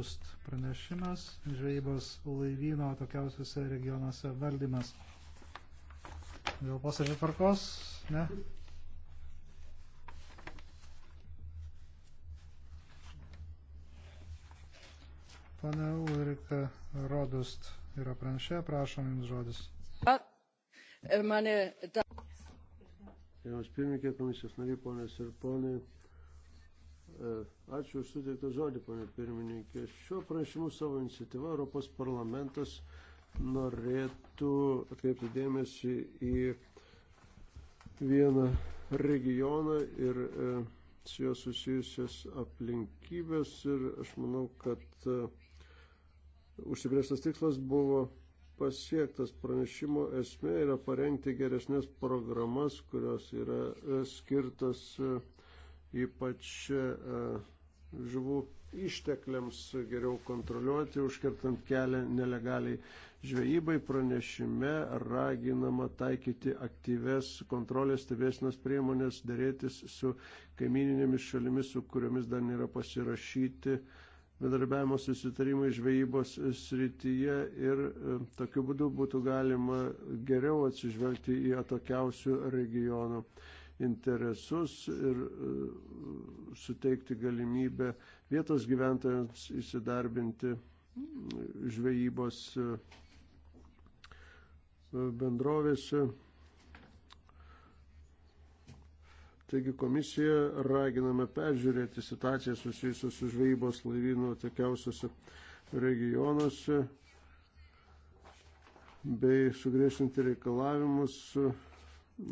Just pranešimas žvejybos laivyno tokiausiuose regionuose valdymas. Dėl posėdžio tvarkos, ne? Pane Ulrika Rodust yra pranešė, prašom jums žodis. Mane... Jums pirmininkė komisijos nariai, ponės ir ponai, E, ačiū už suteiktą žodį, ponė pirmininkė. Šiuo pranešimu savo iniciatyvą Europos parlamentas norėtų atkreipti dėmesį į vieną regioną ir e, su juo susijusias aplinkybės ir aš manau, kad e, užsibrėžtas tikslas buvo pasiektas pranešimo esmė yra parengti geresnės programas, kurios yra skirtas uh, ypač e, žuvų ištekliams geriau kontroliuoti, užkertant kelią nelegaliai žvejybai. Pranešime raginama taikyti aktyves kontrolės stebėsinos priemonės, dėrėtis su kaimininėmis šalimis, su kuriomis dar nėra pasirašyti bendarbiavimo susitarimai žvejybos srityje ir e, tokiu būdu būtų galima geriau atsižvelgti į atokiausių regionų interesus ir e, suteikti galimybę vietos gyventojams įsidarbinti žvejybos e, e, bendrovėse. Taigi komisiją raginame peržiūrėti situaciją susijusią su žvejybos laivyno tekiausiuose regionuose bei sugriežtinti reikalavimus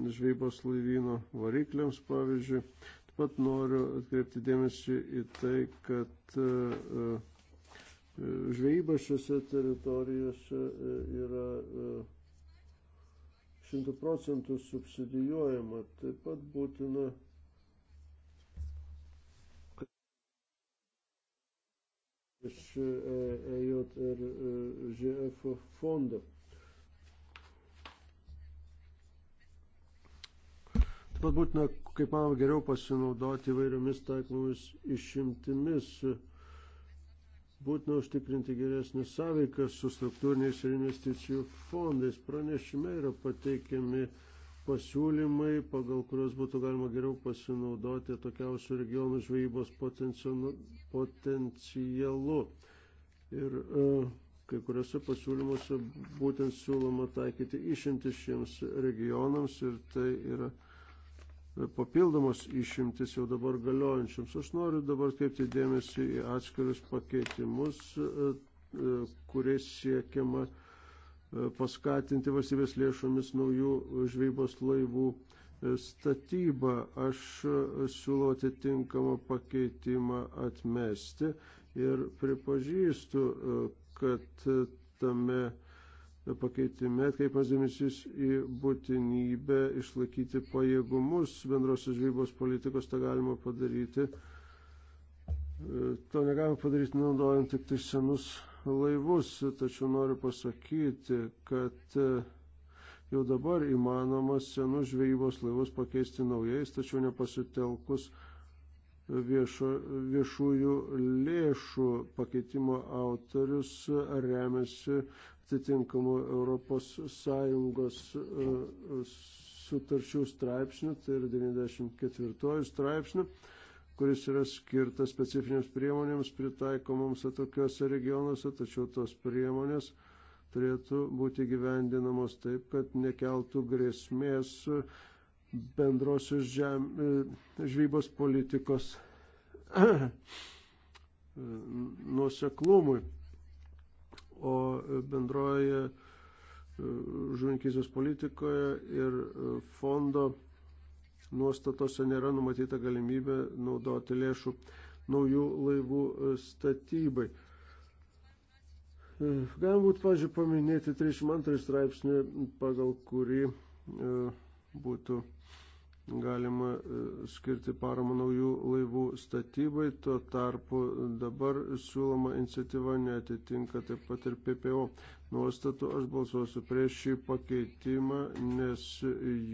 žvejybos laivyno varikliams, pavyzdžiui. Taip pat noriu atkreipti dėmesį į tai, kad e, e, žvejyba šiuose teritorijose e, yra šimtų procentų subsidijuojama. Taip pat būtina iš EJR ŽF fondo. Taip pat būtina, kaip manoma, geriau pasinaudoti įvairiomis taikomomis išimtimis. Būtina užtikrinti geresnį sąveiką su struktūriniais ir investicijų fondais. Pranešime yra pateikiami pasiūlymai, pagal kuriuos būtų galima geriau pasinaudoti tokiausių regionų žvejybos potencialu. Ir e, kai kuriuose pasiūlymuose būtent siūloma taikyti išimti šiems regionams ir tai yra papildomas išimtis jau dabar galiojančiams. Aš noriu dabar kreipti dėmesį į atskirius pakeitimus, e, e, kuriais siekiama e, paskatinti valstybės lėšomis naujų žvejybos laivų statybą. Aš siūlau atitinkamą pakeitimą atmesti ir pripažįstu, kad tame pakeitime atkreipimas dėmesys į būtinybę išlaikyti pajėgumus bendrosios žvybos politikos, tą galima padaryti. E, to negalima padaryti naudojant tik tai senus laivus, tačiau noriu pasakyti, kad e, jau dabar įmanoma senus žvejybos laivus pakeisti naujais, tačiau nepasitelkus viešo, viešųjų lėšų pakeitimo autorius remiasi atitinkamu ES e, sutarčių straipsniu, tai yra 94 straipsniu, kuris yra skirtas specifinėms priemonėms pritaikomoms atokiuose regionuose, tačiau tos priemonės turėtų būti gyvendinamos taip, kad nekeltų grėsmės uh, bendrosios žem, e, žvybos politikos nuoseklumui. O bendroje e, žuvinkizijos politikoje ir e, fondo nuostatose nėra numatyta galimybė naudoti lėšų naujų laivų statybai. Galbūt, pažiūrėjau, paminėti 32 straipsnį, pagal kurį būtų galima e, skirti paramą naujų laivų statybai, tuo tarpu dabar siūloma iniciatyva netitinka taip pat ir PPO nuostatų. Aš balsuosiu prieš šį pakeitimą, nes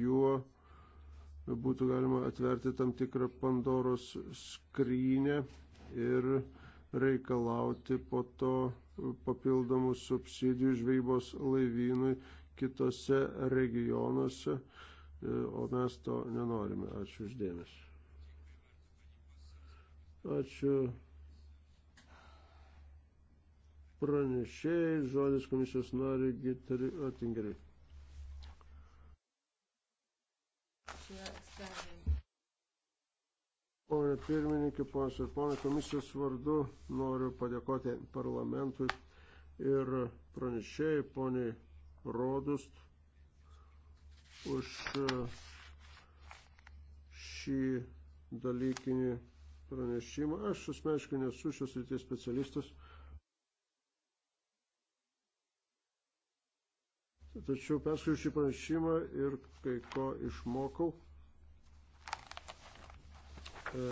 juo būtų galima atverti tam tikrą Pandoros skrynę ir reikalauti po to papildomų subsidijų žvejybos laivynui kitose regionuose. Uh, o mes to nenorime. Ačiū uždėmesi. Ačiū. Pranešėjai, žodis komisijos nariai Gitari Atingeriai. Pone pirmininkė, ponas ir ponai, komisijos vardu noriu padėkoti parlamentui ir pranešėjai, poniai Rodust, už e, šį dalykinį pranešimą. Aš asmeniškai nesu šios ryties specialistas. Tačiau perskaičiu šį pranešimą ir kai ko išmokau. E,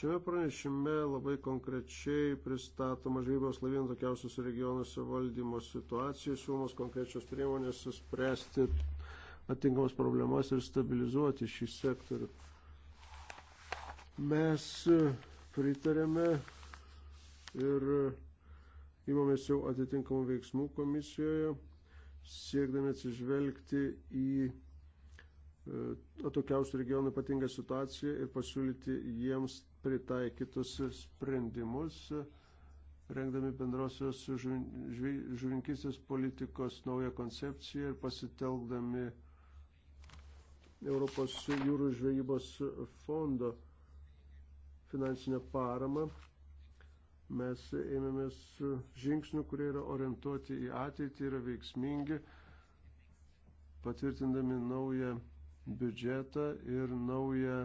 Šiame pranešime labai konkrečiai pristatoma žvejybos laivynų tokiausios regionuose valdymo situacija, siūlomos konkrečios priemonės spręsti atinkamas problemas ir stabilizuoti šį sektorių. Mes pritarėme ir įmamės jau atitinkamų veiksmų komisijoje, siekdami atsižvelgti į atokiausių e, regionų ypatingą situaciją ir pasiūlyti jiems pritaikytus sprendimus, rengdami bendrosios žuvinkistės politikos naują koncepciją ir pasitelkdami Europos jūrų žvejybos fondo finansinę paramą. Mes ėmėmės žingsnių, kurie yra orientuoti į ateitį, yra veiksmingi, patvirtindami naują biudžetą ir naują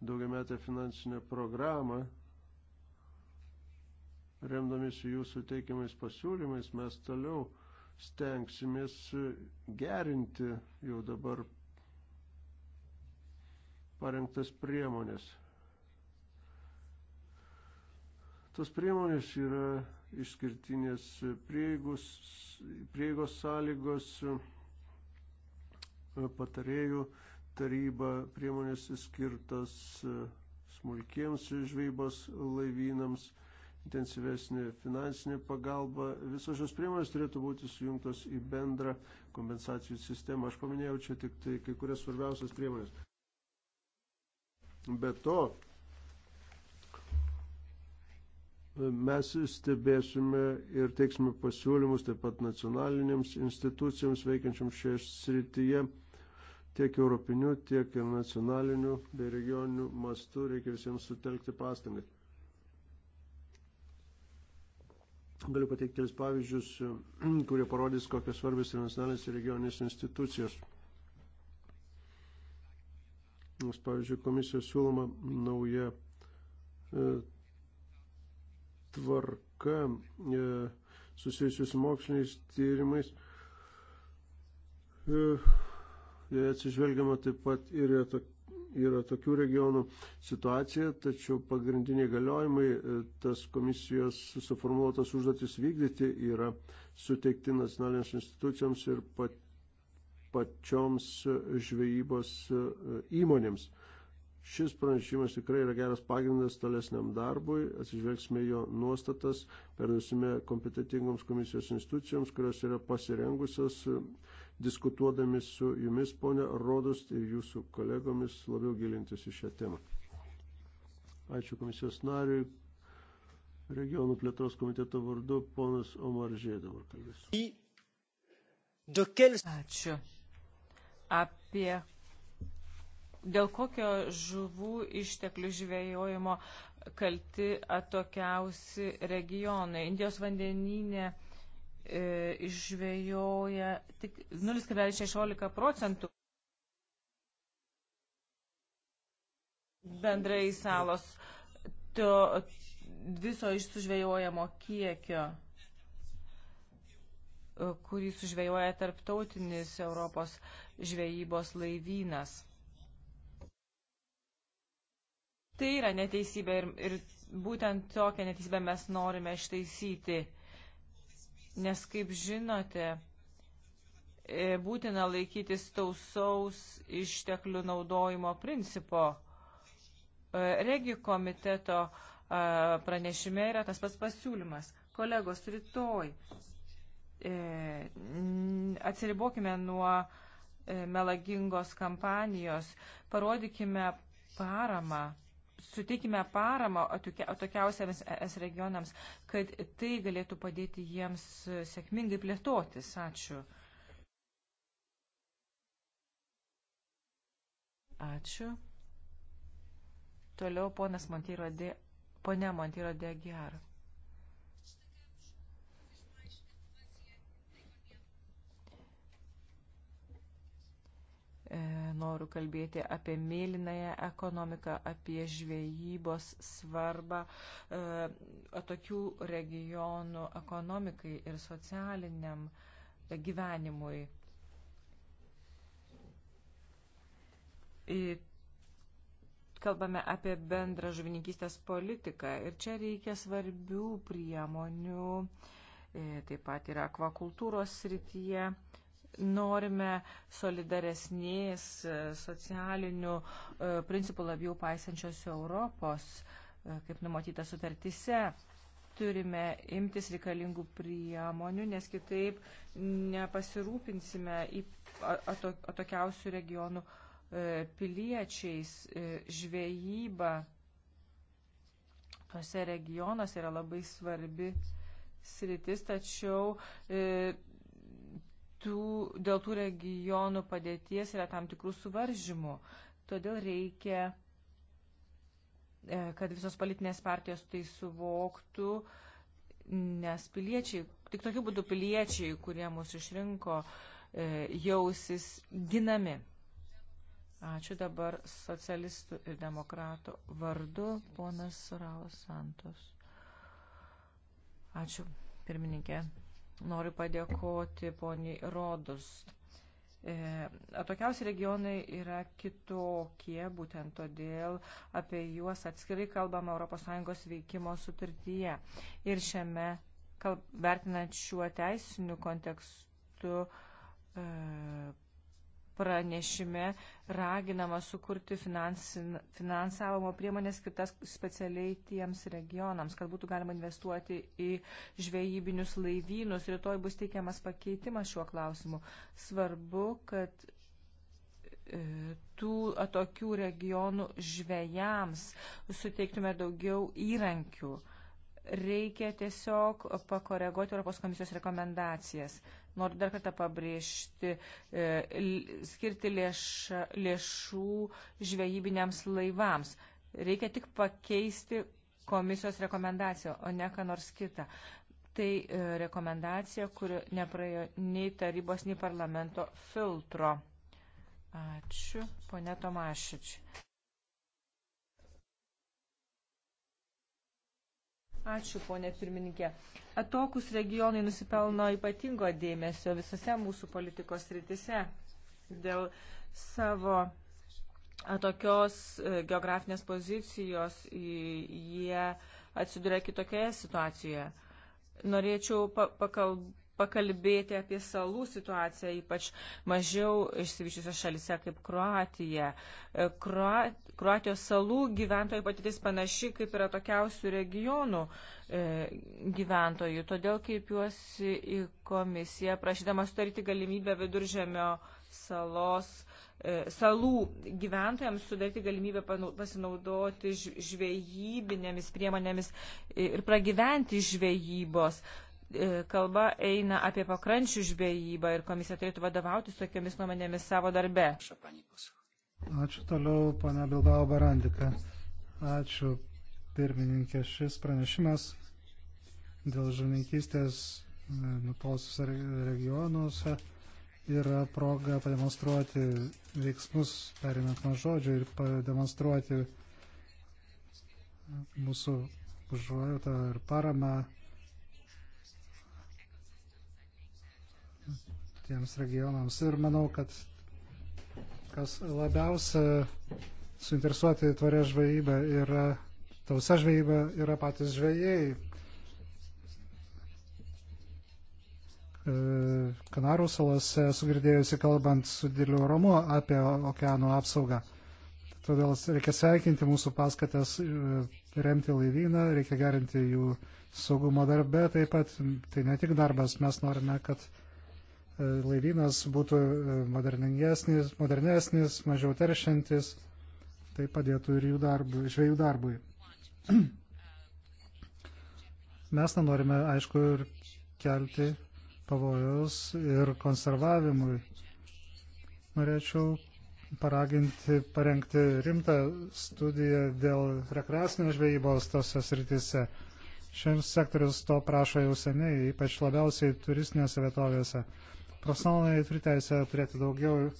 daugiametę finansinę programą, remdamėsi jūsų teikiamais pasiūlymais, mes toliau stengsimės gerinti jau dabar parengtas priemonės. Tos priemonės yra išskirtinės prieigos, prieigos sąlygos patarėjų taryba priemonės skirtos e, smulkiems žvejybos laivynams, intensyvesnė finansinė pagalba. Visos šios priemonės turėtų būti sujungtos į bendrą kompensacijų sistemą. Aš paminėjau čia tik tai kai kurias svarbiausias priemonės. Be to, mes stebėsime ir teiksime pasiūlymus taip pat nacionalinėms institucijoms veikiančiams šioje srityje tiek europiniu, tiek ir nacionaliniu bei regioniniu mastu reikia visiems sutelkti pastangas. Galiu pateikti kelis pavyzdžius, kurie parodys, kokios svarbios ir nacionalinės ir regioninės institucijos. Nes, pavyzdžiui, komisijos siūloma nauja e, tvarka e, susijusius moksliniais tyrimais. E, atsižvelgiama taip pat ir yra tokių regionų situacija, tačiau pagrindiniai galiojimai e, tas komisijos suformuotas užduotis vykdyti yra suteikti nacionalinėms institucijoms ir pat, pačioms e, žvejybos e, įmonėms. Šis pranešimas tikrai yra geras pagrindas tolesniam darbui, atsižvelgsime jo nuostatas, perdusime kompetitingoms komisijos institucijoms, kurios yra pasirengusios diskutuodami su jumis, ponė Rodus, ir jūsų kolegomis labiau gilintis į šią temą. Ačiū komisijos nariui. Regionų plėtros komiteto vardu ponas Omaržė dabar kalbės. Ačiū. Apie dėl kokio žuvų išteklių žvejojimo kalti atokiausi regionai. Indijos vandeninė E, išvėjoja tik 0,16 procentų bendrai salos to, viso išsužvėjojamo kiekio e, kurį sužvejoja tarptautinis Europos žvejybos laivynas. Tai yra neteisybė ir, ir būtent tokią neteisybę mes norime ištaisyti nes, kaip žinote, e, būtina laikytis tausaus išteklių naudojimo principo. E, regi komiteto e, pranešime yra tas pats pasiūlymas. Kolegos, rytoj atsiribokime nuo melagingos kampanijos, parodykime paramą suteikime paramą atokiausiams es regionams, kad tai galėtų padėti jiems e, sėkmingai plėtotis. Ačiū. Ačiū. Toliau ponas Montyro de, ponia Montyro de Gerą. E, noriu kalbėti apie mėlynąją ekonomiką, apie žvejybos svarbą e, atokių regionų ekonomikai ir socialiniam gyvenimui. Kalbame apie bendrą žuvininkystės politiką ir čia reikia svarbių priemonių, e, taip pat ir akvakultūros srityje norime solidaresnės e, socialinių e, principų labiau paisančios Europos, e, kaip numatyta sutartise. Turime imtis reikalingų priemonių, nes kitaip nepasirūpinsime atokiausių regionų piliečiais. Žvejyba tose regionuose yra labai svarbi sritis, tačiau tų, dėl tų regionų padėties yra tam tikrų suvaržymų. Todėl reikia, e, kad visos politinės partijos tai suvoktų, nes piliečiai, tik tokiu būdu piliečiai, kurie mūsų išrinko, e, jausis ginami. Ačiū dabar socialistų ir demokratų vardu, ponas Raus Santos. Ačiū, pirmininkė. Noriu padėkoti poniai Rodus. E, atokiausi regionai yra kitokie, būtent todėl apie juos atskirai kalbama ES veikimo sutartyje. Ir šiame, kalb, vertinant šiuo teisiniu kontekstu, e, pranešime raginama sukurti finansin, finansavimo priemonės skirtas specialiai tiems regionams, kad būtų galima investuoti į žvejybinius laivynus. Rytoj bus teikiamas pakeitimas šiuo klausimu. Svarbu, kad e, tų atokių regionų žvejams suteiktume daugiau įrankių reikia tiesiog pakoreguoti Europos komisijos rekomendacijas. Noriu dar kartą pabrėžti, e, skirti lėša, lėšų žvejybiniams laivams. Reikia tik pakeisti komisijos rekomendaciją, o ne ką nors kitą. Tai e, rekomendacija, kuri nepraėjo nei tarybos, nei parlamento filtro. Ačiū, ponė Tomašič. Ačiū, ponė pirmininkė. Atokus regionai nusipelno ypatingo dėmesio visose mūsų politikos rytise dėl savo atokios e, geografinės pozicijos jie atsiduria kitokioje situacijoje. Norėčiau pakalbėti pakalbėti apie salų situaciją, ypač mažiau išsivyščiusios šalise kaip Kroatija. E, Kroat, Kroatijos salų gyventojų patirtis panaši kaip ir atokiausių regionų e, gyventojų. Todėl kreipiuosi į komisiją, prašydama sudaryti galimybę viduržėmio salos, e, salų gyventojams sudaryti galimybę pasinaudoti žvejybinėmis priemonėmis ir pragyventi žvejybos. E, E, kalba eina apie pakrančių žvejybą ir komisija turėtų vadovautis tokiamis nuomonėmis savo darbe. Ačiū toliau, ponia Bilbao Barandika. Ačiū, pirmininkė. Šis pranešimas dėl žuvininkystės e, nutolusius regionuose yra proga pademonstruoti veiksmus, perinant nuo žodžių ir pademonstruoti mūsų užuojautą ir paramą tiems regionams. Ir manau, kad kas labiausia suinteresuoti tvarę žvejybą yra tausa žvejyba, yra patys žvejai. E, Kanarų salose sugirdėjusi kalbant su Diliu Romu apie okeanų apsaugą. Todėl reikia sveikinti mūsų paskatas e, remti laivyną, reikia gerinti jų saugumo darbę taip pat. Tai ne tik darbas, mes norime, kad laivynas būtų e, modernesnis, modernesnis mažiau teršiantis, tai padėtų ir jų darbui, žvėjų darbui. Mes nenorime, aišku, ir kelti pavojus ir konservavimui. Norėčiau paraginti parengti rimtą studiją dėl rekreacinės žvejybos tose srityse. Šiems sektorius to prašo jau seniai, ypač labiausiai turistinėse vietovėse. Profesionalai turi teisę turėti daugiau e,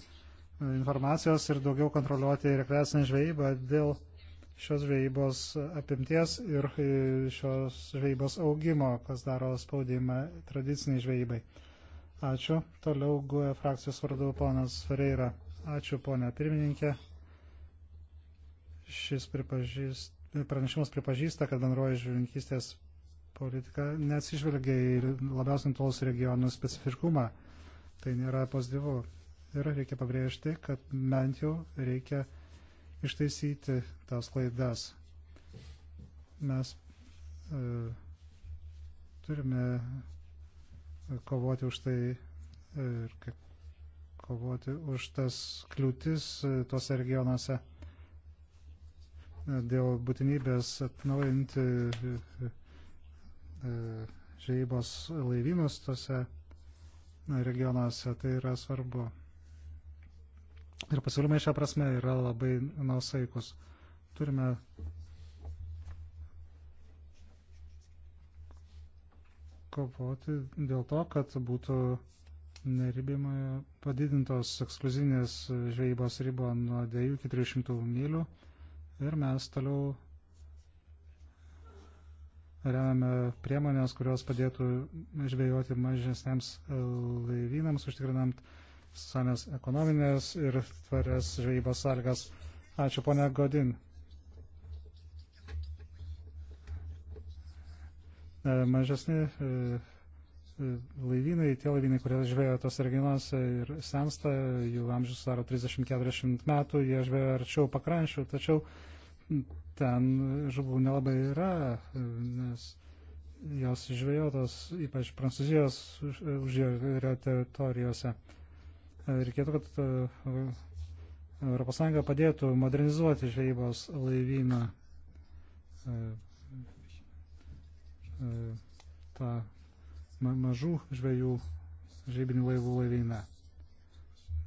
informacijos ir daugiau kontroliuoti rekreacinę žvejybą dėl šios žvejybos apimties ir e, šios žvejybos augimo, kas daro spaudimą tradiciniai žvejybai. Ačiū. Toliau guoja e frakcijos vardu ponas Ferreira. Ačiū, ponia pirmininkė. Šis pripažįst, pranešimas pripažįsta, kad bendroji žuvininkystės politika neatsižvelgia į labiausiai tolus regionų specifiškumą Tai nėra pozityvu. Ir reikia pabrėžti, kad bent jau reikia ištaisyti tas klaidas. Mes e, turime kovoti už tai e, ir kaip kovoti už tas kliūtis e, tuose regionuose e, dėl būtinybės atnaujinti e, e žvejybos laivynus tuose regionuose regionuose. Tai yra svarbu. Ir pasiūlymai šią prasme yra labai nausaikus. Turime kovoti dėl to, kad būtų neribimai padidintos ekskluzinės žvejybos ribo nuo 2 iki 300 mylių ir mes toliau remia priemonės, kurios padėtų žvejoti mažesniems laivynams, užtikrinant sanės ekonominės ir tvarias žvejybos sąlygas. Ačiū, ponia Godin. E, mažesni e, laivynai, tie laivynai, kurie žvėjo tos regionuose ir sensta, jų amžius sudaro 30-40 metų, jie žvėjo arčiau pakrančių, tačiau ten žuvų nelabai yra, nes jos žvejotos, ypač Prancūzijos užjūrio teritorijose. Reikėtų, kad ES padėtų modernizuoti žvejybos laivyną e, e, tą mažų žvejų žvejybinių laivų laivyną.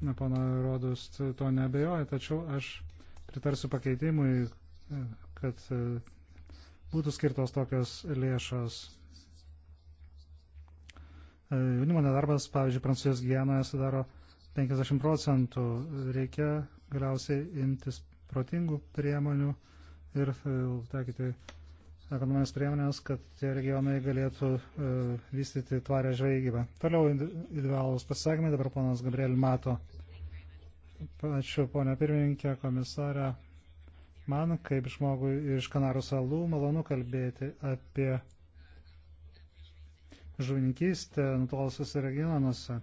Na, pana Rodus, to nebejoju, tačiau aš pritarsiu pakeitimui, kad e, būtų skirtos tokios lėšos. E, jaunimo nedarbas, pavyzdžiui, Prancūzijos Gijanoje sudaro 50 procentų. Reikia galiausiai imtis protingų priemonių ir e, taikyti ekonominės priemonės, kad tie regionai galėtų vystyti tvarę žvejybą. Toliau individualus pasisakymai, dabar ponas Gabriel mato. Ačiū, ponia pirmininkė, komisarė. Man, kaip žmogui iš Kanarų salų, malonu kalbėti apie žuvininkystę nutolusiuose regionuose.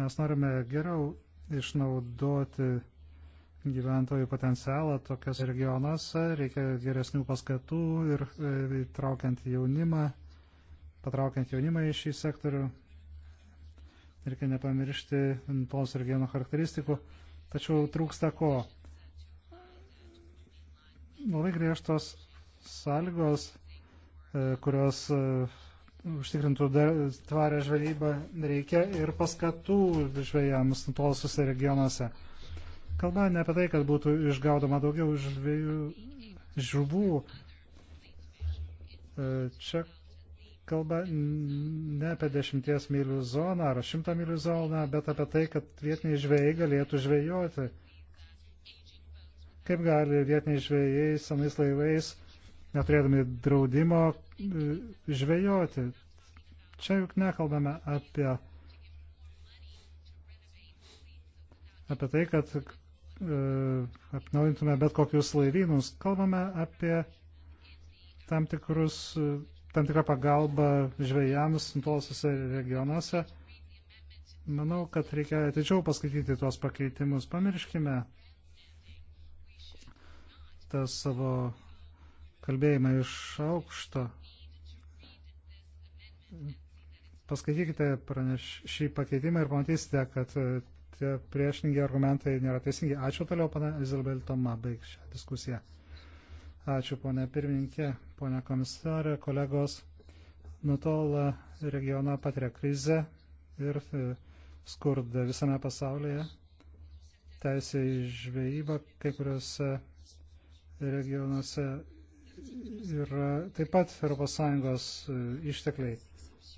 Mes norime geriau išnaudoti gyventojų potencialą tokiuose regionuose, reikia geresnių paskatų ir e, įtraukiant jaunimą, patraukiant jaunimą į šį sektorių. Reikia nepamiršti tos regiono charakteristikų. Tačiau trūksta ko? Labai griežtos sąlygos, e, kurios e, užtikrintų tvarę žvejybą, reikia ir paskatų žvejams nutolusiuose regionuose. Kalba ne apie tai, kad būtų išgaudoma daugiau žvėjų žuvų. E, čia kalba ne apie 10 mylių zoną ar 100 mylių zoną, bet apie tai, kad vietiniai žvėjai galėtų žvėjoti. Kaip gali vietiniai žvėjai senais laivais, neturėdami draudimo, e, žvėjoti? Čia juk nekalbame apie, apie tai, kad e, atnaujintume bet kokius laivynus. Kalbame apie tam tikrus e, tam tikrą pagalbą žvėjams nutolusiuose regionuose. Manau, kad reikia atidžiau paskaityti tuos pakeitimus. Pamirškime tą savo kalbėjimą iš aukšto. Paskaitykite praneš, šį pakeitimą ir pamatysite, kad e, tie priešingi argumentai nėra teisingi. Ačiū toliau, pana Izabel Toma, baig šią diskusiją. Ačiū, ponė pirmininkė, ponė komisarė, kolegos. Nutola regiona patiria krizę ir e, skurdą visame pasaulyje. Teisė į žvejybą kai kuriuose regionuose yra taip pat ES e, ištekliai.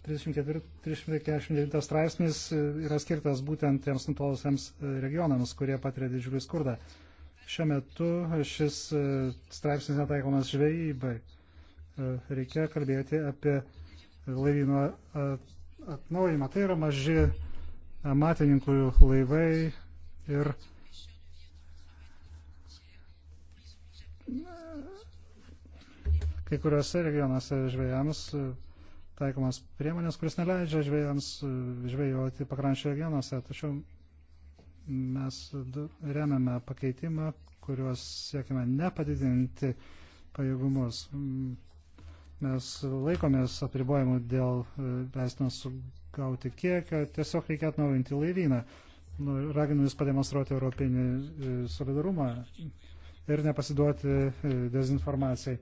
349 straipsnis e, yra skirtas būtent tiems nutolusiems regionams, kurie patiria didžiulį skurdą. Šiuo metu šis e, straipsnis netaikomas žvejybai. E, reikia kalbėti apie laivyno e, atnaujimą. Tai yra maži matininkų laivai ir kai kuriuose regionuose žvėjams taikomas priemonės, kuris neleidžia žvėjams žvėjoti pakrančio regionuose. Tačiau mes remiame pakeitimą, kuriuos siekime nepadidinti pajėgumus. Mes laikomės apribojimų dėl e, leistinos gauti kiekio, tiesiog reikia atnaujinti laivyną. Nu, raginu Jūs pademonstruoti europinį e, solidarumą ir nepasiduoti e, dezinformacijai.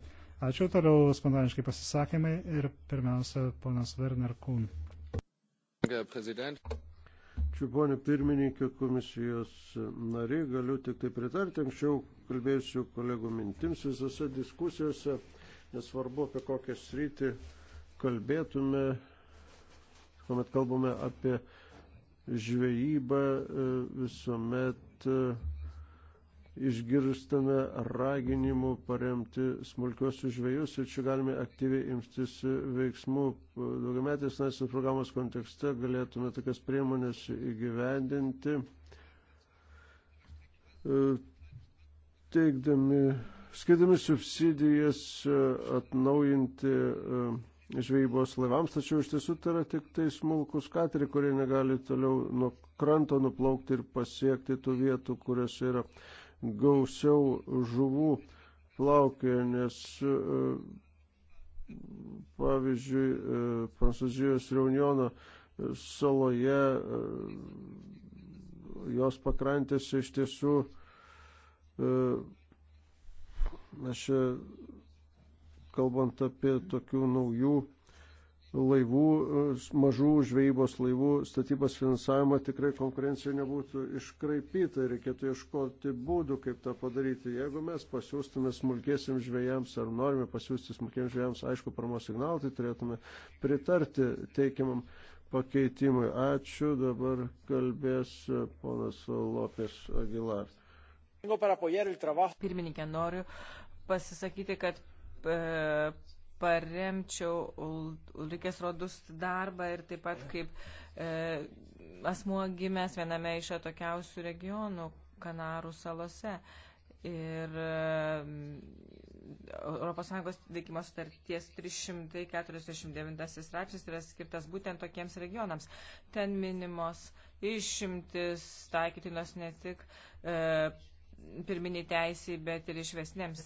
Ačiū toliau spontaniškai pasisakymai ir pirmiausia, ponas Werner Kuhn. Herr Präsident. Ačiū, ponė pirmininkė, komisijos nariai, galiu tik tai pritarti anksčiau kalbėjusių kolegų mintims visose diskusijose, nesvarbu apie kokią sritį kalbėtume, kuomet kalbame apie žvejybą, visuomet išgirstame raginimų paremti smulkiosius žvėjus ir čia galime aktyviai imtis veiksmų. Daugiametės nacinės programos kontekste galėtume tokias priemonės įgyvendinti, e, teikdami, skirdami subsidijas e, atnaujinti e, žvejybos laivams, tačiau iš tiesų tai yra tik tai smulkus kateriai, kurie negali toliau nuo kranto nuplaukti ir pasiekti tų vietų, kuriuose yra gausiau žuvų plaukioja, nes e, pavyzdžiui, e, Prancūzijos Reunjono saloje e, jos pakrantėse iš tiesų aš kalbant apie tokių naujų laivų, e, mažų žvejybos laivų statybos finansavimą tikrai konkurencija nebūtų iškraipyta ir reikėtų ieškoti būdų, kaip tą padaryti. Jeigu mes pasiūstume smulkėsim žvėjams ar norime pasiūsti smulkėms žvėjams aišku paramos signalą, tai turėtume pritarti teikiamam pakeitimui. Ačiū, dabar kalbės e, ponas Lopės Agilar. Pirmininkė, noriu pasisakyti, kad e, paremčiau Ulrikės rodus darbą ir taip pat kaip e, asmuo gimęs viename iš atokiausių regionų Kanarų salose. Ir ES veikimo sutarties 349 straipsnis yra skirtas būtent tokiems regionams. Ten minimos išimtis taikytinos ne tik e, pirminiai teisiai, bet ir išvesnėms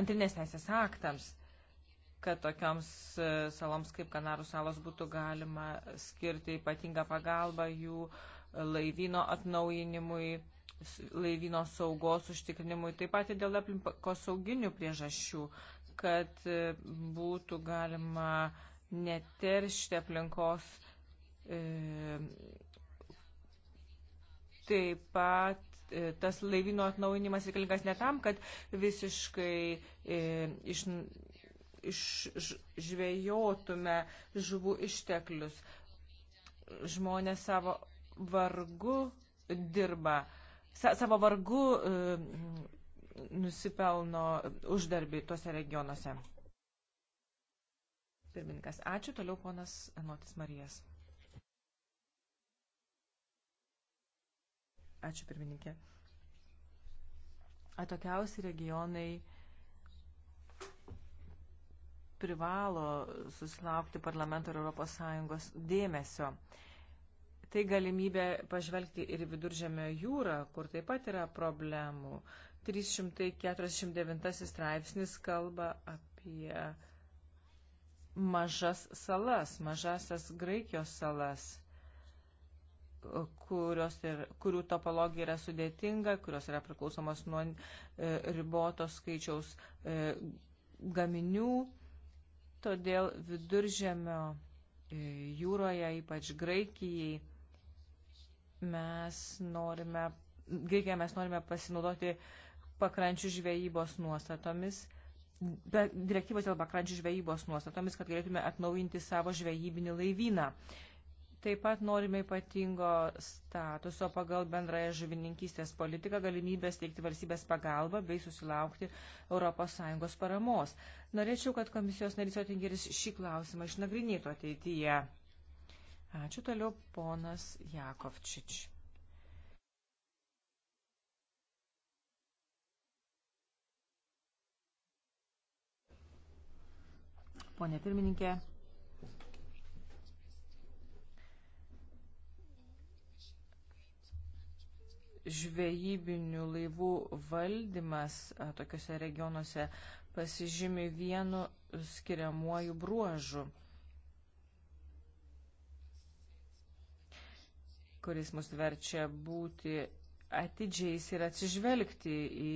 antrinės teisės aktams kad tokioms e, saloms kaip Kanarų salos būtų galima skirti ypatingą pagalbą jų laivyno atnaujinimui, laivyno saugos užtikrinimui, taip pat ir dėl aplinkos sauginių priežasčių, kad e, būtų galima neteršti aplinkos. E, taip pat tas laivyno atnaujinimas reikalingas ne tam, kad visiškai e, iš, žvejotume žuvų išteklius. Žmonės savo vargu dirba, sa, savo vargu e, nusipelno uždarbį tuose regionuose. Pirmininkas, ačiū. Toliau ponas Notis Marijas. Ačiū pirmininkė. Atokiausi regionai privalo susilaukti parlamento ir ES dėmesio. Tai galimybė pažvelgti ir viduržėmio jūrą, kur taip pat yra problemų. 349 straipsnis kalba apie mažas salas, mažasias Graikijos salas, kurios ir, kurių topologija yra sudėtinga, kurios yra priklausomos nuo e, ribotos skaičiaus e, gaminių Todėl viduržėmio e, jūroje, ypač Graikijai, mes norime, Graikijoje mes norime pasinaudoti pakrančių žvejybos nuostatomis, direktyvos dėl pakrančių žvejybos nuostatomis, kad galėtume atnaujinti savo žvejybinį laivyną. Taip pat norime ypatingo statuso pagal bendrąją žuvininkystės politiką galimybės teikti valstybės pagalbą bei susilaukti ES paramos. Norėčiau, kad komisijos narys Otingeris šį klausimą išnagrinėtų ateityje. Ačiū toliau ponas Jakovčič. Pone pirmininkė, žvejybinių laivų valdymas e, tokiuose regionuose pasižymi vienu skiriamuoju bruožu, kuris mus verčia būti atidžiais ir atsižvelgti į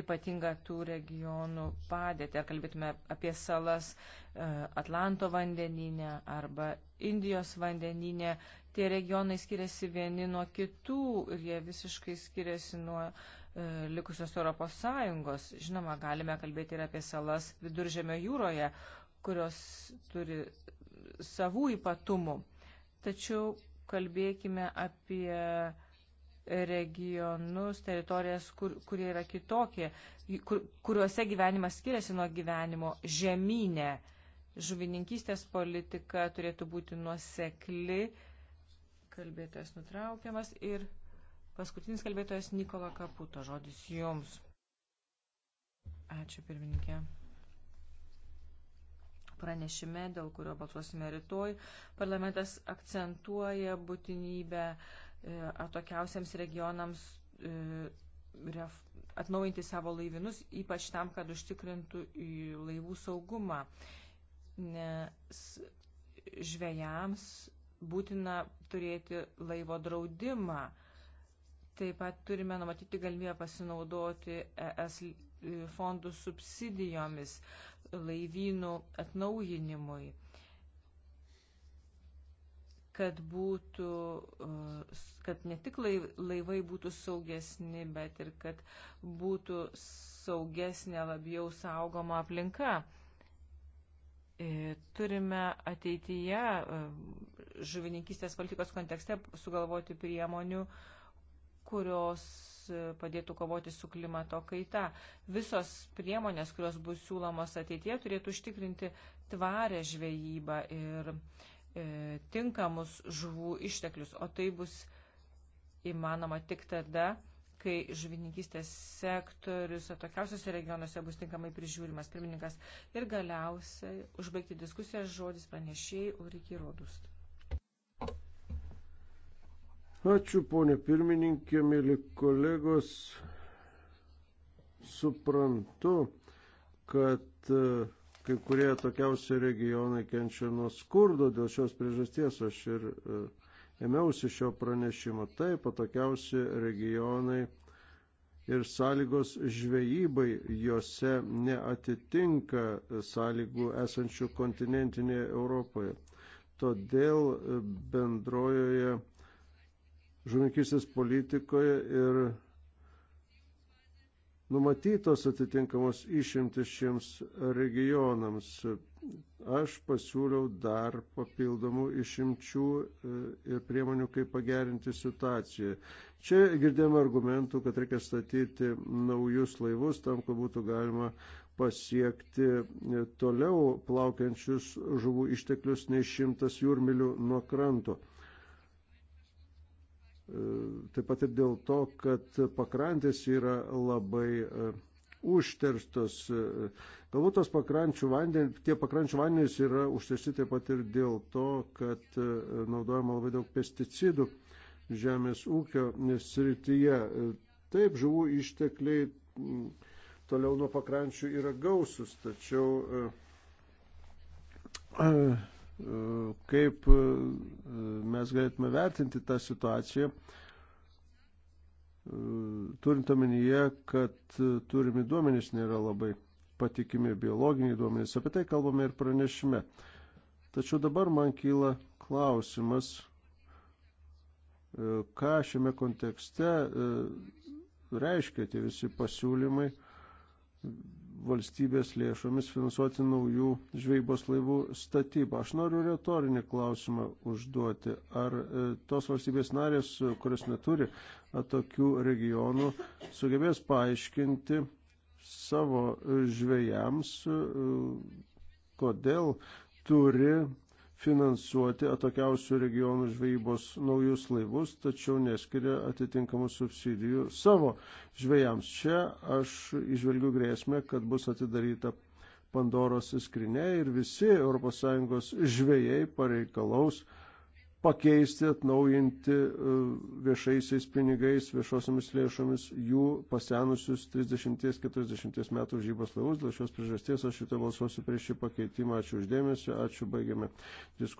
ypatingą tų regionų padėtį. Ar kalbėtume apie salas e, Atlanto vandeninė arba Indijos vandeninė, tie regionai skiriasi vieni nuo kitų ir jie visiškai skiriasi nuo e, likusios Europos Sąjungos. Žinoma, galime kalbėti ir apie salas Viduržėmio jūroje, kurios turi savų ypatumų. Tačiau kalbėkime apie regionus, teritorijas, kur, kurie yra kitokie, kur, kuriuose gyvenimas skiriasi nuo gyvenimo žemynė. Žuvininkystės politika turėtų būti nuosekli, kalbėtojas nutraukiamas ir paskutinis kalbėtojas Nikola Kaputo, žodis jums. Ačiū pirmininkė. Pranešime, dėl kurio balsuosime rytoj, parlamentas akcentuoja būtinybę uh, E, atokiausiams regionams e, atnaujinti savo laivinus, ypač tam, kad užtikrintų laivų saugumą. Nes žvėjams būtina turėti laivo draudimą. Taip pat turime numatyti galimybę pasinaudoti ES fondų subsidijomis laivynų atnaujinimui kad, būtų, e, kad ne tik laivai būtų saugesni, bet ir kad būtų saugesnė labiau saugoma aplinka. E, turime ateityje e, žuvininkystės politikos kontekste sugalvoti priemonių, kurios padėtų kovoti su klimato kaita. Visos priemonės, kurios bus siūlomos ateitie, turėtų užtikrinti tvarę žvejybą ir uh, e, tinkamus žuvų išteklius, o tai bus įmanoma tik tada, kai žuvininkystės sektorius atokiausiose regionuose bus tinkamai prižiūrimas pirmininkas ir galiausiai užbaigti diskusiją žodis pranešėjai Urikį Rodus. Ačiū, ponė pirmininkė, mėly kolegos. Suprantu, kad uh, kai kurie tokiausi regionai kenčia nuo skurdo, dėl šios priežasties aš ir e, ėmiausi šio pranešimo. Taip, tokiausi regionai ir sąlygos žvejybai juose neatitinka sąlygų esančių kontinentinėje Europoje. Todėl e, bendrojoje žuvininkystės politikoje ir numatytos atitinkamos išimtis šiems regionams. Aš pasiūliau dar papildomų išimčių e, ir priemonių, kaip pagerinti situaciją. Čia girdėjome argumentų, kad reikia statyti naujus laivus tam, kad būtų galima pasiekti e, toliau plaukiančius žuvų išteklius nei šimtas jūrmilių nuo kranto. E, taip pat ir dėl to, kad pakrantės yra labai e, užterštos. E, galbūt tos pakrančių vandenys, tie pakrančių vandenys yra užteršti taip pat ir dėl to, kad naudojama labai daug pesticidų žemės ūkio srityje. Taip, žuvų ištekliai toliau nuo pakrančių yra gausus, tačiau kaip e, mes galėtume vertinti tą situaciją, e, turint omenyje, kad e, turimi duomenys nėra labai patikimi biologiniai duomenys. Apie tai kalbame ir pranešime. Tačiau dabar man kyla klausimas, ką šiame kontekste reiškia tie visi pasiūlymai valstybės lėšomis finansuoti naujų žvejybos laivų statybą. Aš noriu retorinį klausimą užduoti. Ar e, tos valstybės narės, kurios neturi tokių regionų, sugebės paaiškinti savo žvejams, e, kodėl turi finansuoti atokiausių regionų žvejybos naujus laivus, tačiau neskiria atitinkamų subsidijų savo žvejams. Čia aš išvelgiu grėsmę, kad bus atidaryta Pandoros skrinė ir visi ES žvėjai pareikalaus pakeisti, atnaujinti e, viešaisiais pinigais, viešosiamis lėšomis jų pasenusius 30-40 metų žybos laivus. Dėl šios priežasties aš šitą balsuosiu prieš šį pakeitimą. Ačiū uždėmesi, ačiū, baigiame diskusiją.